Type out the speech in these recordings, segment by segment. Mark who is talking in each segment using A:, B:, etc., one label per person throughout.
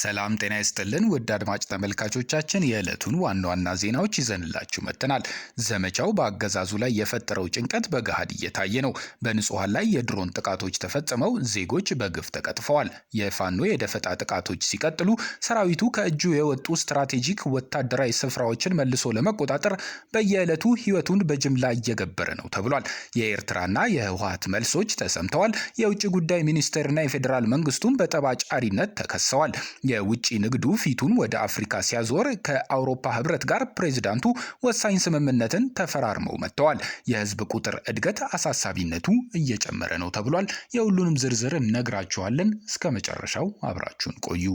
A: ሰላም ጤና ይስጥልን ውድ አድማጭ ተመልካቾቻችን፣ የዕለቱን ዋና ዋና ዜናዎች ይዘንላችሁ መጥተናል። ዘመቻው በአገዛዙ ላይ የፈጠረው ጭንቀት በገሃድ እየታየ ነው። በንጹሐን ላይ የድሮን ጥቃቶች ተፈጽመው ዜጎች በግፍ ተቀጥፈዋል። የፋኖ የደፈጣ ጥቃቶች ሲቀጥሉ፣ ሰራዊቱ ከእጁ የወጡ ስትራቴጂክ ወታደራዊ ስፍራዎችን መልሶ ለመቆጣጠር በየዕለቱ ሕይወቱን በጅምላ እየገበረ ነው ተብሏል። የኤርትራና የህወሀት መልሶች ተሰምተዋል። የውጭ ጉዳይ ሚኒስቴርና የፌዴራል መንግስቱም በጠባጫሪነት ተከሰዋል። የውጭ ንግዱ ፊቱን ወደ አፍሪካ ሲያዞር ከአውሮፓ ህብረት ጋር ፕሬዚዳንቱ ወሳኝ ስምምነትን ተፈራርመው መጥተዋል። የህዝብ ቁጥር እድገት አሳሳቢነቱ እየጨመረ ነው ተብሏል። የሁሉንም ዝርዝር እነግራችኋለን። እስከ መጨረሻው አብራችሁን ቆዩ።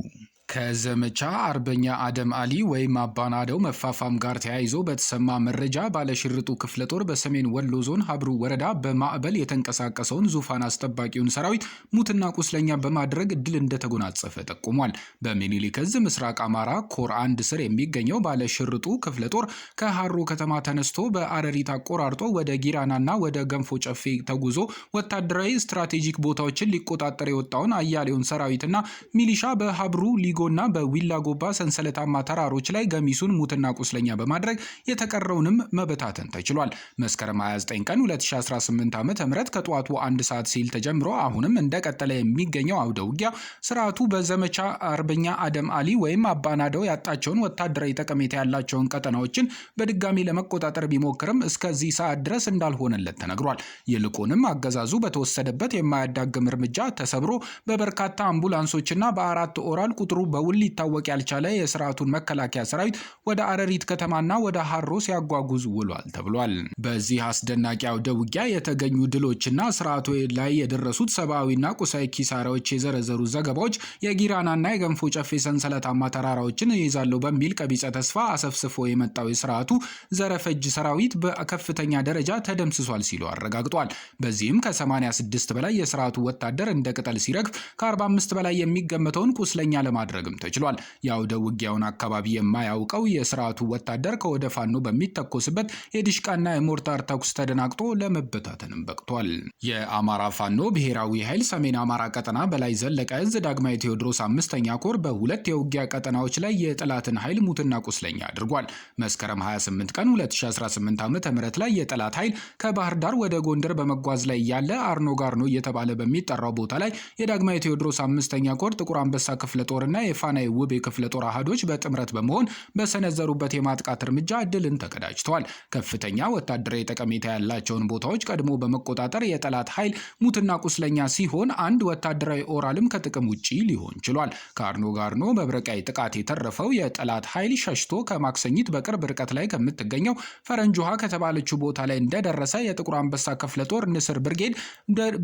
A: ከዘመቻ አርበኛ አደም አሊ ወይም አባናደው መፋፋም ጋር ተያይዞ በተሰማ መረጃ ባለሽርጡ ክፍለ ጦር በሰሜን ወሎ ዞን ሀብሩ ወረዳ በማዕበል የተንቀሳቀሰውን ዙፋን አስጠባቂውን ሰራዊት ሙትና ቁስለኛ በማድረግ ድል እንደተጎናጸፈ ጠቁሟል። በሚኒሊክ ምስራቅ አማራ ኮር አንድ ስር የሚገኘው ባለሽርጡ ክፍለ ጦር ከሀሮ ከተማ ተነስቶ በአረሪት አቆራርጦ ወደ ጊራናና ወደ ገንፎ ጨፌ ተጉዞ ወታደራዊ ስትራቴጂክ ቦታዎችን ሊቆጣጠር የወጣውን አያሌውን ሰራዊትና ሚሊሻ በሀብሩ ሊ በኦሊጎና በዊላ ጎባ ሰንሰለታማ ተራሮች ላይ ገሚሱን ሙትና ቁስለኛ በማድረግ የተቀረውንም መበታተን ተችሏል። መስከረም 29 ቀን 2018 ዓ.ም ከጠዋቱ አንድ ሰዓት ሲል ተጀምሮ አሁንም እንደቀጠለ የሚገኘው አውደ ውጊያ ስርዓቱ በዘመቻ አርበኛ አደም አሊ ወይም አባናደው ያጣቸውን ወታደራዊ ጠቀሜታ ያላቸውን ቀጠናዎችን በድጋሚ ለመቆጣጠር ቢሞክርም እስከዚህ ሰዓት ድረስ እንዳልሆነለት ተነግሯል። ይልቁንም አገዛዙ በተወሰደበት የማያዳግም እርምጃ ተሰብሮ በበርካታ አምቡላንሶችና በአራት ኦራል ቁጥሩ በውል ሊታወቅ ያልቻለ የስርዓቱን መከላከያ ሰራዊት ወደ አረሪት ከተማና ወደ ሀሮ ሲያጓጉዝ ውሏል ተብሏል። በዚህ አስደናቂ አውደ ውጊያ የተገኙ ድሎችና ስርዓቱ ላይ የደረሱት ሰብአዊና ቁሳዊ ኪሳራዎች የዘረዘሩ ዘገባዎች የጊራናና የገንፎ ጨፌ ሰንሰለታማ ተራራዎችን ይይዛለሁ በሚል ቀቢጸ ተስፋ አሰፍስፎ የመጣው የስርዓቱ ዘረፈጅ ሰራዊት በከፍተኛ ደረጃ ተደምስሷል ሲሉ አረጋግጧል። በዚህም ከ86 በላይ የስርዓቱ ወታደር እንደ ቅጠል ሲረግፍ ከ45 በላይ የሚገመተውን ቁስለኛ ለማድረግ ማድረግም ተችሏል። የአውደ ውጊያውን አካባቢ የማያውቀው የስርዓቱ ወታደር ከወደ ፋኖ በሚተኮስበት የዲሽቃና የሞርታር ተኩስ ተደናግጦ ለመበታተንም በቅቷል። የአማራ ፋኖ ብሔራዊ ኃይል ሰሜን አማራ ቀጠና በላይ ዘለቀ እዝ ዳግማዊ ቴዎድሮስ አምስተኛ ኮር በሁለት የውጊያ ቀጠናዎች ላይ የጠላትን ኃይል ሙትና ቁስለኛ አድርጓል። መስከረም 28 ቀን 2018 ዓ ም ላይ የጠላት ኃይል ከባህር ዳር ወደ ጎንደር በመጓዝ ላይ ያለ አርኖ ጋርኖ እየተባለ በሚጠራው ቦታ ላይ የዳግማዊ ቴዎድሮስ አምስተኛ ኮር ጥቁር አንበሳ ክፍለ ጦርና የፋናይ ውብ የክፍለ ጦር አህዶች በጥምረት በመሆን በሰነዘሩበት የማጥቃት እርምጃ ድልን ተቀዳጅተዋል። ከፍተኛ ወታደራዊ ጠቀሜታ ያላቸውን ቦታዎች ቀድሞ በመቆጣጠር የጠላት ኃይል ሙትና ቁስለኛ ሲሆን አንድ ወታደራዊ ኦራልም ከጥቅም ውጪ ሊሆን ችሏል። ከአርኖ ጋርኖ መብረቃዊ ጥቃት የተረፈው የጠላት ኃይል ሸሽቶ ከማክሰኝት በቅርብ ርቀት ላይ ከምትገኘው ፈረንጅ ውሃ ከተባለችው ቦታ ላይ እንደደረሰ የጥቁር አንበሳ ክፍለ ጦር ንስር ብርጌድ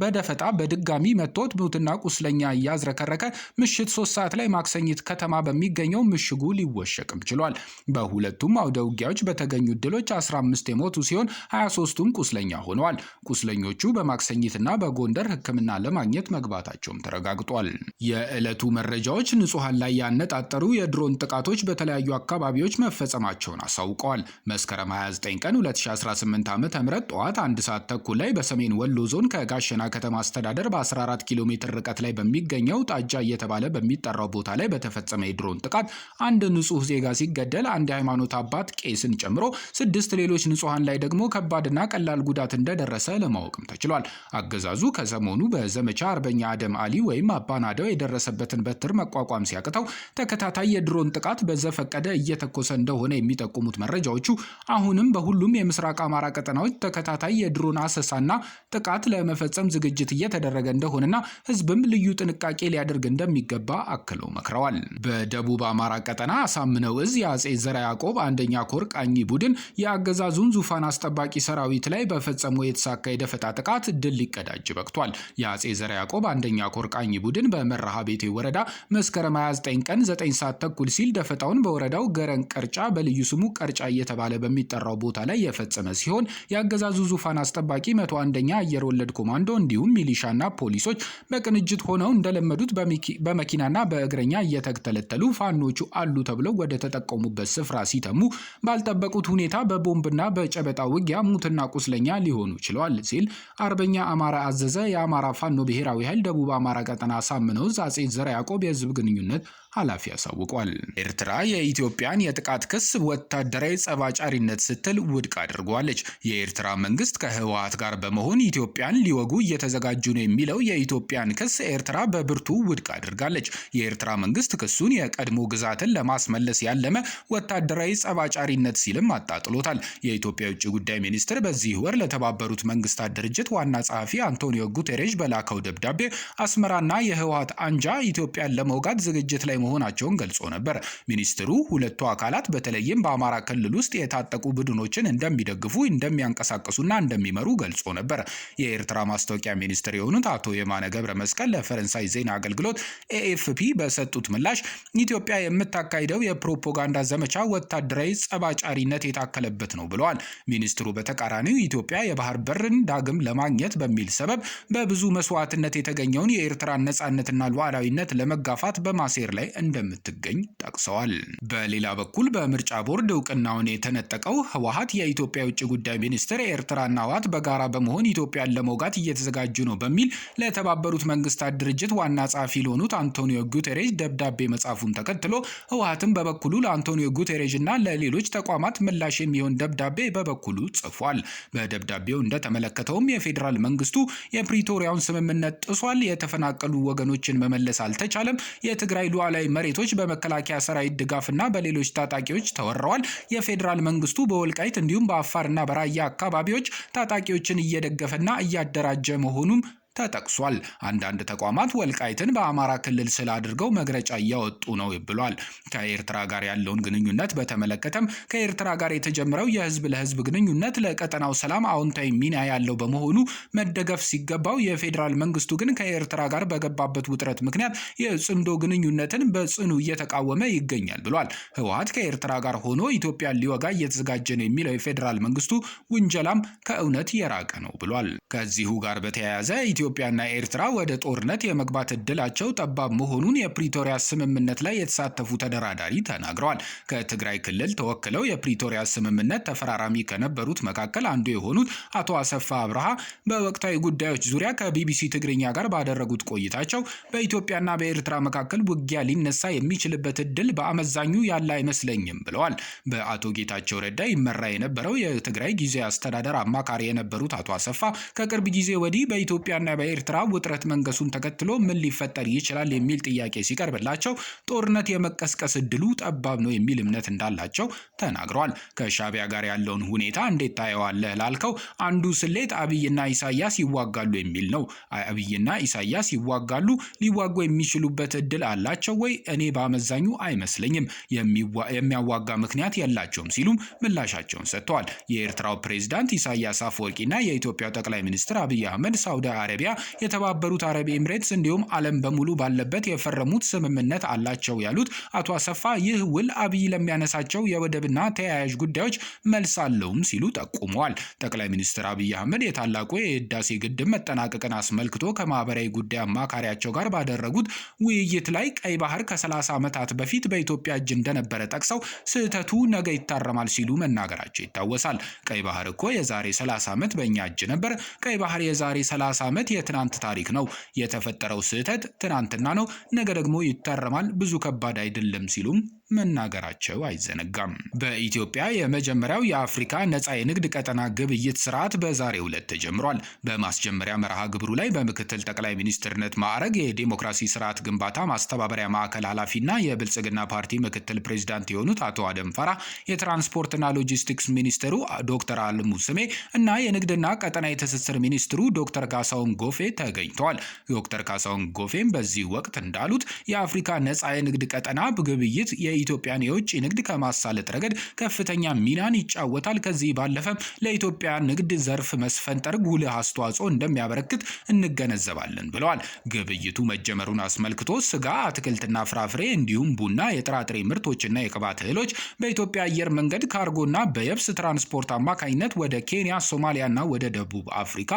A: በደፈጣ በድጋሚ መቶት ሙትና ቁስለኛ እያዝረከረከ ምሽት ሶስት ሰዓት ላይ ማክሰ ማክሰኝት ከተማ በሚገኘው ምሽጉ ሊወሸቅም ችሏል። በሁለቱም አውደ ውጊያዎች በተገኙ ድሎች 15 የሞቱ ሲሆን 23ቱም ቁስለኛ ሆነዋል። ቁስለኞቹ በማክሰኝትና በጎንደር ሕክምና ለማግኘት መግባታቸውም ተረጋግጧል። የዕለቱ መረጃዎች ንጹሐን ላይ ያነጣጠሩ የድሮን ጥቃቶች በተለያዩ አካባቢዎች መፈጸማቸውን አሳውቀዋል። መስከረም 29 ቀን 2018 ዓ ም ጠዋት አንድ ሰዓት ተኩል ላይ በሰሜን ወሎ ዞን ከጋሸና ከተማ አስተዳደር በ14 ኪሎ ሜትር ርቀት ላይ በሚገኘው ጣጃ እየተባለ በሚጠራው ቦታ ላይ ላይ በተፈጸመ የድሮን ጥቃት አንድ ንጹህ ዜጋ ሲገደል አንድ የሃይማኖት አባት ቄስን ጨምሮ ስድስት ሌሎች ንጹሐን ላይ ደግሞ ከባድና ቀላል ጉዳት እንደደረሰ ለማወቅም ተችሏል። አገዛዙ ከሰሞኑ በዘመቻ አርበኛ አደም አሊ ወይም አባናደው የደረሰበትን በትር መቋቋም ሲያቅተው ተከታታይ የድሮን ጥቃት በዘፈቀደ እየተኮሰ እንደሆነ የሚጠቁሙት መረጃዎቹ አሁንም በሁሉም የምስራቅ አማራ ቀጠናዎች ተከታታይ የድሮን አሰሳና ጥቃት ለመፈጸም ዝግጅት እየተደረገ እንደሆነና ህዝብም ልዩ ጥንቃቄ ሊያደርግ እንደሚገባ አክለው መክረዋል። መክረዋል። በደቡብ አማራ ቀጠና አሳምነው እዝ የአጼ ዘራ ያዕቆብ አንደኛ ኮር ቃኝ ቡድን የአገዛዙን ዙፋን አስጠባቂ ሰራዊት ላይ በፈጸመው የተሳካ የደፈጣ ጥቃት ድል ሊቀዳጅ በቅቷል። የአጼ ዘራ ያዕቆብ አንደኛ ኮር ቃኝ ቡድን በመርሃ ቤቴ ወረዳ መስከረም 29 ቀን 9 ሰዓት ተኩል ሲል ደፈጣውን በወረዳው ገረን ቀርጫ በልዩ ስሙ ቀርጫ እየተባለ በሚጠራው ቦታ ላይ የፈጸመ ሲሆን የአገዛዙ ዙፋን አስጠባቂ መቶ አንደኛ አየር ወለድ ኮማንዶ እንዲሁም ሚሊሻና ፖሊሶች በቅንጅት ሆነው እንደለመዱት በመኪናና በእግረኛ በእግረኛ እየተተለተሉ ፋኖቹ አሉ ተብለው ወደ ተጠቀሙበት ስፍራ ሲተሙ ባልጠበቁት ሁኔታ በቦምብና በጨበጣ ውጊያ ሙትና ቁስለኛ ሊሆኑ ችለዋል ሲል አርበኛ አማራ አዘዘ የአማራ ፋኖ ብሔራዊ ኃይል ደቡብ አማራ ቀጠና ሳምነው አጼ ዘርዓ ያዕቆብ የህዝብ ግንኙነት ኃላፊ አሳውቋል። ኤርትራ የኢትዮጵያን የጥቃት ክስ ወታደራዊ ጸባጫሪነት ስትል ውድቅ አድርጓለች። የኤርትራ መንግስት ከህወሀት ጋር በመሆን ኢትዮጵያን ሊወጉ እየተዘጋጁ ነው የሚለው የኢትዮጵያን ክስ ኤርትራ በብርቱ ውድቅ አድርጋለች። የኤርትራ መንግስት ክሱን የቀድሞ ግዛትን ለማስመለስ ያለመ ወታደራዊ ጸባጫሪነት ሲልም አጣጥሎታል። የኢትዮጵያ የውጭ ጉዳይ ሚኒስትር በዚህ ወር ለተባበሩት መንግስታት ድርጅት ዋና ጸሐፊ አንቶኒዮ ጉቴሬዥ በላከው ደብዳቤ አስመራና የህወሀት አንጃ ኢትዮጵያን ለመውጋት ዝግጅት ላይ መሆናቸውን ገልጾ ነበር። ሚኒስትሩ ሁለቱ አካላት በተለይም በአማራ ክልል ውስጥ የታጠቁ ቡድኖችን እንደሚደግፉ፣ እንደሚያንቀሳቅሱና እንደሚመሩ ገልጾ ነበር። የኤርትራ ማስታወቂያ ሚኒስትር የሆኑት አቶ የማነ ገብረ መስቀል ለፈረንሳይ ዜና አገልግሎት ኤኤፍፒ በሰጡት ምላሽ ኢትዮጵያ የምታካሂደው የፕሮፓጋንዳ ዘመቻ ወታደራዊ ጸባጫሪነት የታከለበት ነው ብለዋል። ሚኒስትሩ በተቃራኒው ኢትዮጵያ የባህር በርን ዳግም ለማግኘት በሚል ሰበብ በብዙ መስዋዕትነት የተገኘውን የኤርትራን ነጻነትና ሉዓላዊነት ለመጋፋት በማሴር ላይ እንደምትገኝ ጠቅሰዋል። በሌላ በኩል በምርጫ ቦርድ እውቅናውን የተነጠቀው ህወሀት የኢትዮጵያ የውጭ ጉዳይ ሚኒስትር ኤርትራና ህወሀት በጋራ በመሆን ኢትዮጵያን ለመውጋት እየተዘጋጁ ነው በሚል ለተባበሩት መንግስታት ድርጅት ዋና ጸሐፊ ለሆኑት አንቶኒዮ ጉቴሬዥ ደብዳቤ መጻፉን ተከትሎ ህወሀትም በበኩሉ ለአንቶኒዮ ጉቴሬዥ እና ለሌሎች ተቋማት ምላሽ የሚሆን ደብዳቤ በበኩሉ ጽፏል። በደብዳቤው እንደተመለከተውም የፌዴራል መንግስቱ የፕሪቶሪያውን ስምምነት ጥሷል፣ የተፈናቀሉ ወገኖችን መመለስ አልተቻለም፣ የትግራይ ሉዓላዊ አጠቃላይ መሬቶች በመከላከያ ሰራዊት ድጋፍና በሌሎች ታጣቂዎች ተወረዋል። የፌዴራል መንግስቱ በወልቃይት እንዲሁም በአፋርና በራያ አካባቢዎች ታጣቂዎችን እየደገፈና እያደራጀ መሆኑም ተጠቅሷል። አንዳንድ ተቋማት ወልቃይትን በአማራ ክልል ስል አድርገው መግለጫ እያወጡ ነው ብሏል። ከኤርትራ ጋር ያለውን ግንኙነት በተመለከተም ከኤርትራ ጋር የተጀመረው የህዝብ ለህዝብ ግንኙነት ለቀጠናው ሰላም አዎንታዊ ሚና ያለው በመሆኑ መደገፍ ሲገባው፣ የፌዴራል መንግስቱ ግን ከኤርትራ ጋር በገባበት ውጥረት ምክንያት የጽምዶ ግንኙነትን በጽኑ እየተቃወመ ይገኛል ብሏል። ህወሀት ከኤርትራ ጋር ሆኖ ኢትዮጵያን ሊወጋ እየተዘጋጀ ነው የሚለው የፌዴራል መንግስቱ ውንጀላም ከእውነት የራቀ ነው ብሏል። ከዚሁ ጋር በተያያዘ ኢትዮጵያና ኤርትራ ወደ ጦርነት የመግባት እድላቸው ጠባብ መሆኑን የፕሪቶሪያ ስምምነት ላይ የተሳተፉ ተደራዳሪ ተናግረዋል። ከትግራይ ክልል ተወክለው የፕሪቶሪያ ስምምነት ተፈራራሚ ከነበሩት መካከል አንዱ የሆኑት አቶ አሰፋ አብርሃ በወቅታዊ ጉዳዮች ዙሪያ ከቢቢሲ ትግርኛ ጋር ባደረጉት ቆይታቸው በኢትዮጵያና በኤርትራ መካከል ውጊያ ሊነሳ የሚችልበት እድል በአመዛኙ ያለ አይመስለኝም ብለዋል። በአቶ ጌታቸው ረዳ ይመራ የነበረው የትግራይ ጊዜ አስተዳደር አማካሪ የነበሩት አቶ አሰፋ ከቅርብ ጊዜ ወዲህ በኢትዮጵያና በኤርትራ ውጥረት መንገሱን ተከትሎ ምን ሊፈጠር ይችላል የሚል ጥያቄ ሲቀርብላቸው ጦርነት የመቀስቀስ እድሉ ጠባብ ነው የሚል እምነት እንዳላቸው ተናግረዋል። ከሻቢያ ጋር ያለውን ሁኔታ እንዴት ታየዋለህ ላልከው አንዱ ስሌት አብይና ኢሳያስ ይዋጋሉ የሚል ነው። አብይና ኢሳያስ ይዋጋሉ። ሊዋጉ የሚችሉበት እድል አላቸው ወይ? እኔ በአመዛኙ አይመስለኝም። የሚያዋጋ ምክንያት የላቸውም ሲሉም ምላሻቸውን ሰጥተዋል። የኤርትራው ፕሬዝዳንት ኢሳያስ አፈወርቂና የኢትዮጵያው ጠቅላይ ሚኒስትር አብይ አህመድ ሳውዲ አረቢያ ሳዑዲያ፣ የተባበሩት አረብ ኤምሬትስ እንዲሁም ዓለም በሙሉ ባለበት የፈረሙት ስምምነት አላቸው ያሉት አቶ አሰፋ ይህ ውል አብይ ለሚያነሳቸው የወደብና ተያያዥ ጉዳዮች መልስ አለውም ሲሉ ጠቁመዋል። ጠቅላይ ሚኒስትር አብይ አህመድ የታላቁ የህዳሴ ግድብ መጠናቀቅን አስመልክቶ ከማህበራዊ ጉዳይ አማካሪያቸው ጋር ባደረጉት ውይይት ላይ ቀይ ባህር ከ30 ዓመታት በፊት በኢትዮጵያ እጅ እንደነበረ ጠቅሰው ስህተቱ ነገ ይታረማል ሲሉ መናገራቸው ይታወሳል። ቀይ ባህር እኮ የዛሬ 30 ዓመት በእኛ እጅ ነበር። ቀይ ባህር የዛሬ 30 ዓመት የትናንት ታሪክ ነው። የተፈጠረው ስህተት ትናንትና ነው፣ ነገ ደግሞ ይታረማል፣ ብዙ ከባድ አይደለም ሲሉም መናገራቸው አይዘነጋም። በኢትዮጵያ የመጀመሪያው የአፍሪካ ነጻ የንግድ ቀጠና ግብይት ስርዓት በዛሬው ዕለት ተጀምሯል። በማስጀመሪያ መርሃ ግብሩ ላይ በምክትል ጠቅላይ ሚኒስትርነት ማዕረግ የዲሞክራሲ ስርዓት ግንባታ ማስተባበሪያ ማዕከል ኃላፊና የብልጽግና ፓርቲ ምክትል ፕሬዚዳንት የሆኑት አቶ አደም ፋራ፣ የትራንስፖርትና ሎጂስቲክስ ሚኒስትሩ ዶክተር አልሙ ስሜ እና የንግድና ቀጠና የትስስር ሚኒስትሩ ዶክተር ካሳሁን ጎፌ ተገኝተዋል። ዶክተር ካሳሁን ጎፌም በዚህ ወቅት እንዳሉት የአፍሪካ ነጻ የንግድ ቀጠና ግብይት የኢትዮጵያን የውጭ ንግድ ከማሳለጥ ረገድ ከፍተኛ ሚናን ይጫወታል። ከዚህ ባለፈ ለኢትዮጵያ ንግድ ዘርፍ መስፈንጠር ጉልህ አስተዋጽኦ እንደሚያበረክት እንገነዘባለን ብለዋል። ግብይቱ መጀመሩን አስመልክቶ ስጋ፣ አትክልትና ፍራፍሬ እንዲሁም ቡና፣ የጥራጥሬ ምርቶችና የቅባት እህሎች በኢትዮጵያ አየር መንገድ ካርጎና በየብስ ትራንስፖርት አማካኝነት ወደ ኬንያ፣ ሶማሊያና ወደ ደቡብ አፍሪካ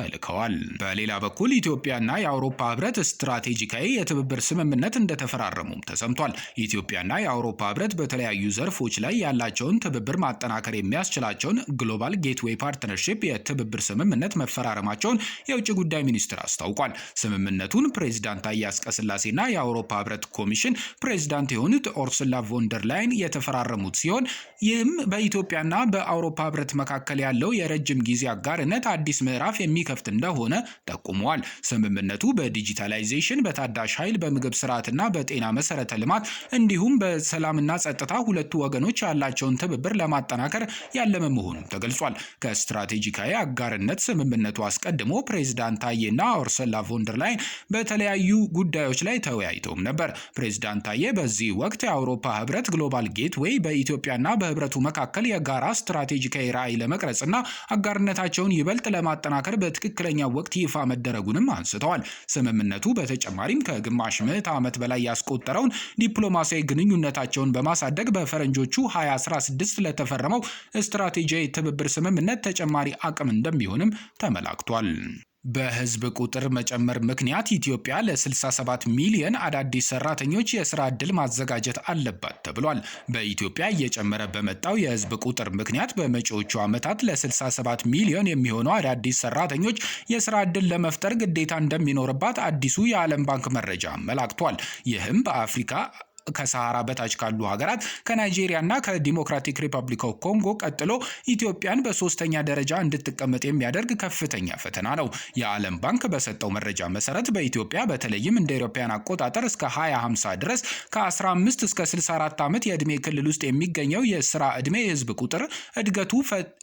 A: ተልከዋል። በሌላ በኩል ኢትዮጵያና የአውሮፓ ህብረት ስትራቴጂካዊ የትብብር ስምምነት እንደተፈራረሙም ተሰምቷል። ኢትዮጵያና የአውሮፓ ህብረት በተለያዩ ዘርፎች ላይ ያላቸውን ትብብር ማጠናከር የሚያስችላቸውን ግሎባል ጌትዌይ ፓርትነርሽፕ የትብብር ስምምነት መፈራረማቸውን የውጭ ጉዳይ ሚኒስትር አስታውቋል። ስምምነቱን ፕሬዚዳንት ታዬ አጽቀሥላሴና የአውሮፓ ህብረት ኮሚሽን ፕሬዚዳንት የሆኑት ኦርሱላ ቮንደር ላይን የተፈራረሙት ሲሆን ይህም በኢትዮጵያና በአውሮፓ ህብረት መካከል ያለው የረጅም ጊዜ አጋርነት አዲስ ምዕራፍ የሚከ የሚከፍት እንደሆነ ጠቁመዋል። ስምምነቱ በዲጂታላይዜሽን፣ በታዳሽ ኃይል፣ በምግብ ስርዓትና በጤና መሰረተ ልማት እንዲሁም በሰላምና ጸጥታ ሁለቱ ወገኖች ያላቸውን ትብብር ለማጠናከር ያለመ መሆኑም ተገልጿል። ከስትራቴጂካዊ አጋርነት ስምምነቱ አስቀድሞ ፕሬዚዳንት ታዬና ኦርሰላ ቮንደር ላይን በተለያዩ ጉዳዮች ላይ ተወያይተውም ነበር። ፕሬዚዳንት ታዬ በዚህ ወቅት የአውሮፓ ህብረት ግሎባል ጌትዌይ በኢትዮጵያና በህብረቱ መካከል የጋራ ስትራቴጂካዊ ራዕይ ለመቅረጽና አጋርነታቸውን ይበልጥ ለማጠናከር በትክክለኛው ወቅት ይፋ መደረጉንም አንስተዋል። ስምምነቱ በተጨማሪም ከግማሽ ምዕት ዓመት በላይ ያስቆጠረውን ዲፕሎማሲያዊ ግንኙነታቸውን በማሳደግ በፈረንጆቹ 2016 ለተፈረመው ስትራቴጂያዊ ትብብር ስምምነት ተጨማሪ አቅም እንደሚሆንም ተመላክቷል። በህዝብ ቁጥር መጨመር ምክንያት ኢትዮጵያ ለ67 ሚሊዮን አዳዲስ ሰራተኞች የስራ ዕድል ማዘጋጀት አለባት ተብሏል። በኢትዮጵያ እየጨመረ በመጣው የህዝብ ቁጥር ምክንያት በመጪዎቹ ዓመታት ለ67 ሚሊዮን የሚሆኑ አዳዲስ ሰራተኞች የስራ ዕድል ለመፍጠር ግዴታ እንደሚኖርባት አዲሱ የዓለም ባንክ መረጃ አመላክቷል። ይህም በአፍሪካ ከሰሃራ በታች ካሉ ሀገራት ከናይጄሪያና ከዲሞክራቲክ ሪፐብሊክ ኮንጎ ቀጥሎ ኢትዮጵያን በሶስተኛ ደረጃ እንድትቀመጥ የሚያደርግ ከፍተኛ ፈተና ነው። የዓለም ባንክ በሰጠው መረጃ መሰረት በኢትዮጵያ በተለይም እንደ ኢሮፓያን አቆጣጠር እስከ 2050 ድረስ ከ15 እስከ 64 ዓመት የዕድሜ ክልል ውስጥ የሚገኘው የስራ ዕድሜ የህዝብ ቁጥር እድገቱ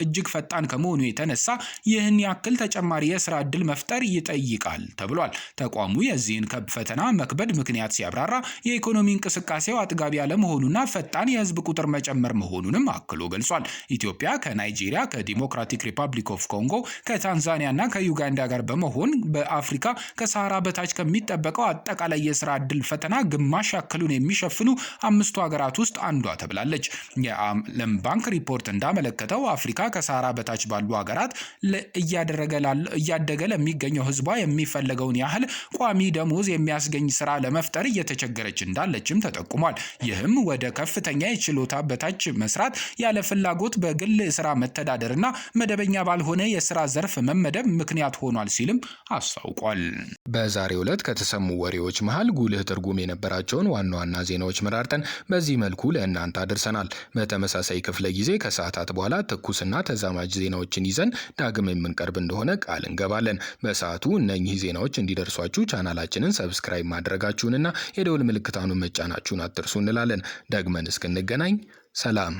A: እጅግ ፈጣን ከመሆኑ የተነሳ ይህን ያክል ተጨማሪ የስራ ዕድል መፍጠር ይጠይቃል ተብሏል። ተቋሙ የዚህን ፈተና መክበድ ምክንያት ሲያብራራ የኢኮኖሚ እንቅስቃሴ እንቅስቃሴው አጥጋቢ አለመሆኑና ፈጣን የህዝብ ቁጥር መጨመር መሆኑንም አክሎ ገልጿል። ኢትዮጵያ ከናይጄሪያ፣ ከዲሞክራቲክ ሪፐብሊክ ኦፍ ኮንጎ፣ ከታንዛኒያ ከዩጋንዳ ጋር በመሆን በአፍሪካ ከሰሃራ በታች ከሚጠበቀው አጠቃላይ የስራ እድል ፈተና ግማሽ ያክሉን የሚሸፍኑ አምስቱ ሀገራት ውስጥ አንዷ ተብላለች። የዓለም ባንክ ሪፖርት እንዳመለከተው አፍሪካ ከሰሃራ በታች ባሉ ሀገራት እያደገ ለሚገኘው ህዝቧ የሚፈለገውን ያህል ቋሚ ደሞዝ የሚያስገኝ ስራ ለመፍጠር እየተቸገረች እንዳለችም ተጠ ተጠቁሟል። ይህም ወደ ከፍተኛ የችሎታ በታች መስራት፣ ያለ ፍላጎት በግል ስራ መተዳደርና መደበኛ ባልሆነ የስራ ዘርፍ መመደብ ምክንያት ሆኗል ሲልም አስታውቋል። በዛሬው ዕለት ከተሰሙ ወሬዎች መሃል ጉልህ ትርጉም የነበራቸውን ዋና ዋና ዜናዎች መራርጠን በዚህ መልኩ ለእናንተ አድርሰናል። በተመሳሳይ ክፍለ ጊዜ ከሰዓታት በኋላ ትኩስና ተዛማጅ ዜናዎችን ይዘን ዳግም የምንቀርብ እንደሆነ ቃል እንገባለን። በሰዓቱ እነኚህ ዜናዎች እንዲደርሷችሁ ቻናላችንን ሰብስክራይብ ማድረጋችሁንና የደውል ምልክታኑን መጫናችሁ ማድረጋችሁን አትርሱ እንላለን። ደግመን እስክንገናኝ ሰላም